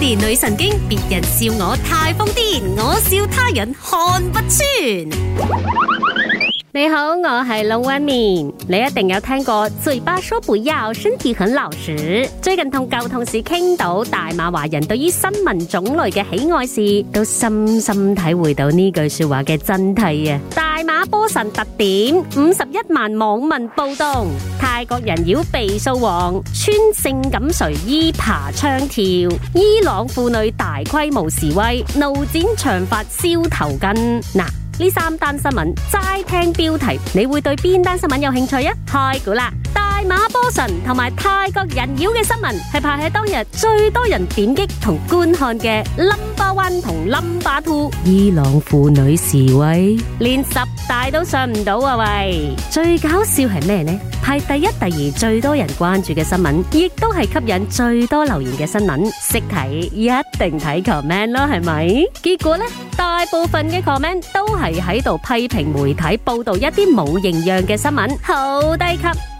連女神經，別人笑我太瘋癲，我笑他人看不穿。你好，我係龍紋敏，你一定有聽過嘴巴說不要，身體很老實。最近同舊同事傾到大馬華人對於新聞種類嘅喜愛時，都深深體會到呢句說話嘅真諦啊！大馬波神特點，五十一萬網民暴動，泰國人妖被掃黃，穿性感睡衣爬窗跳，伊朗婦女大規模示威，怒剪長發燒頭巾嗱。呢三單新聞齋聽標題，你會對邊單新聞有興趣呀？開估啦！馬波神同埋泰國人妖嘅新聞係排喺當日最多人點擊同觀看嘅、No. 1、No. 2。冧巴灣同冧巴兔，伊朗婦女示威連十大都上唔到啊！喂，最搞笑係咩呢？排第一、第二最多人關注嘅新聞，亦都係吸引最多留言嘅新聞。識睇一定睇 comment 囉，係咪？結果呢，大部分嘅 comment 都係喺度批評媒體報道一啲冇營養嘅新聞，好低級。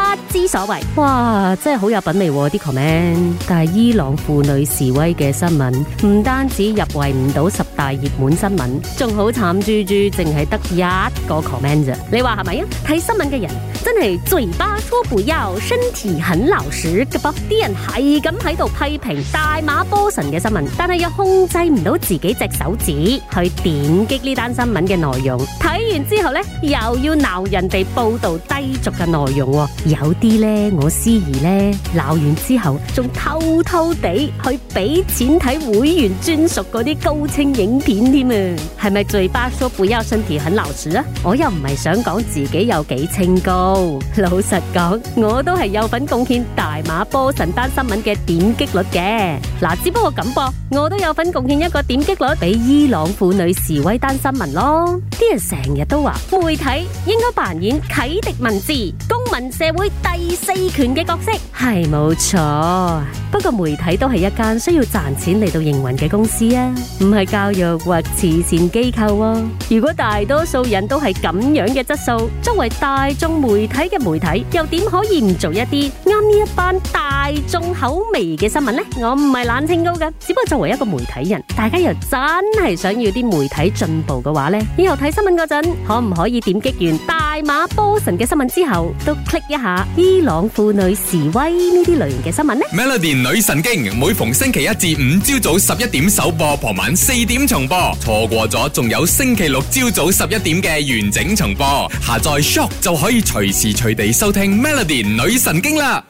不知所謂，哇！真係好有品味啲、啊、comment。但係伊朗婦女示威嘅新聞唔單止入圍唔到十大熱門新聞，仲好慘豬豬，淨係得一個 comment 咋？你話係咪啊？睇新聞嘅人真係嘴巴說不要，身體很老實嘅啵。啲人係咁喺度批評大馬波神嘅新聞，但係又控制唔到自己隻手指去點擊呢單新聞嘅內容。睇完之後呢，又要鬧人哋報道低俗嘅內容、啊。有啲咧，我師爺咧鬧完之後，仲偷偷地去俾錢睇會員專屬嗰啲高清影片添啊！係咪嘴巴說不要，身體很老實啊？我又唔係想講自己有幾清高，老實講，我都係有份貢獻大馬波神單新聞嘅點擊率嘅。嗱，只不過咁噃，我都有份貢獻一個點擊率俾伊朗婦女示威單新聞咯。啲人成日都話，媒體應該扮演啟迪文字、公民社會。佢第四拳嘅角色係冇錯。不過媒體都係一間需要賺錢嚟到營運嘅公司啊，唔係教育或慈善機構喎。如果大多數人都係咁樣嘅質素，作為大眾媒體嘅媒體，又點可以唔做一啲啱呢一班大眾口味嘅新聞呢？我唔係懶清高嘅，只不過作為一個媒體人，大家又真係想要啲媒體進步嘅話呢。以後睇新聞嗰陣，可唔可以點擊完大馬波神嘅新聞之後，都 click 一下伊朗婦女示威呢啲類型嘅新聞呢？Melody。女神經每逢星期一至五朝早十一點首播，傍晚四點重播。錯過咗，仲有星期六朝早十一點嘅完整重播。下載 Shop 就可以隨時隨地收聽 Melody 女神經啦。